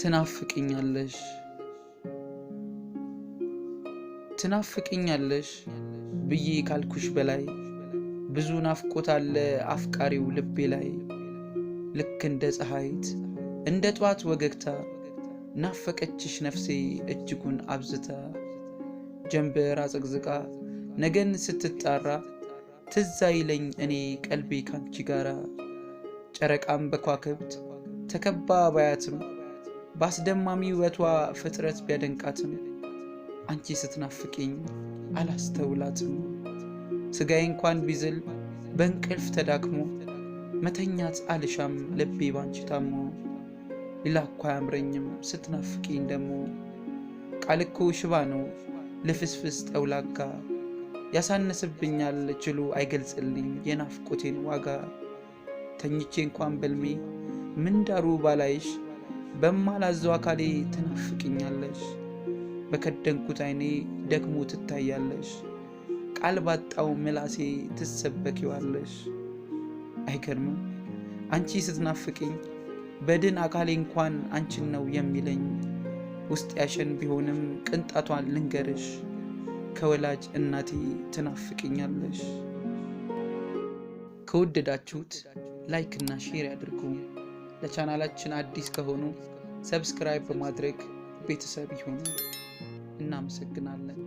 ትናፍቅኛለሽ ትናፍቅኛለሽ ብዬ ካልኩሽ በላይ ብዙ ናፍቆት አለ አፍቃሪው ልቤ ላይ ልክ እንደ ፀሐይት እንደ ጠዋት ወገግታ ናፈቀችሽ ነፍሴ እጅጉን አብዝታ ጀንበር አዘቅዝቃ ነገን ስትጣራ ትዛ ይለኝ እኔ ቀልቤ ካንቺ ጋራ ጨረቃም በኳክብት ተከባ ባያትም በአስደማሚ ውበቷ ፍጥረት ቢያደንቃትም አንቺ ስትናፍቅኝ አላስተውላትም። ስጋዬ እንኳን ቢዝል በእንቅልፍ ተዳክሞ መተኛት አልሻም ልቤ ባንቺ ታሞ። ሌላ እኳ አያምረኝም ስትናፍቅኝ ደሞ ቃልኮ ሽባ ነው ልፍስፍስ ጠውላጋ ያሳነስብኛል ችሉ አይገልጽልኝ የናፍቆቴን ዋጋ ተኝቼ እንኳን በልሜ ምንዳሩ ባላይሽ በማላዘው አካሌ ትናፍቅኛለሽ፣ በከደንኩት አይኔ ደግሞ ትታያለሽ፣ ቃል ባጣው ምላሴ ትሰበኪዋለሽ። አይገርምም አንቺ ስትናፍቅኝ በድን አካሌ እንኳን አንቺን ነው የሚለኝ። ውስጥ ያሸን ቢሆንም ቅንጣቷን ልንገርሽ፣ ከወላጅ እናቴ ትናፍቅኛለሽ። ከወደዳችሁት እና ሼር ያድርጉ። ለቻናላችን አዲስ ከሆኑ ሰብስክራይብ በማድረግ ቤተሰብ ይሁኑ። እናመሰግናለን።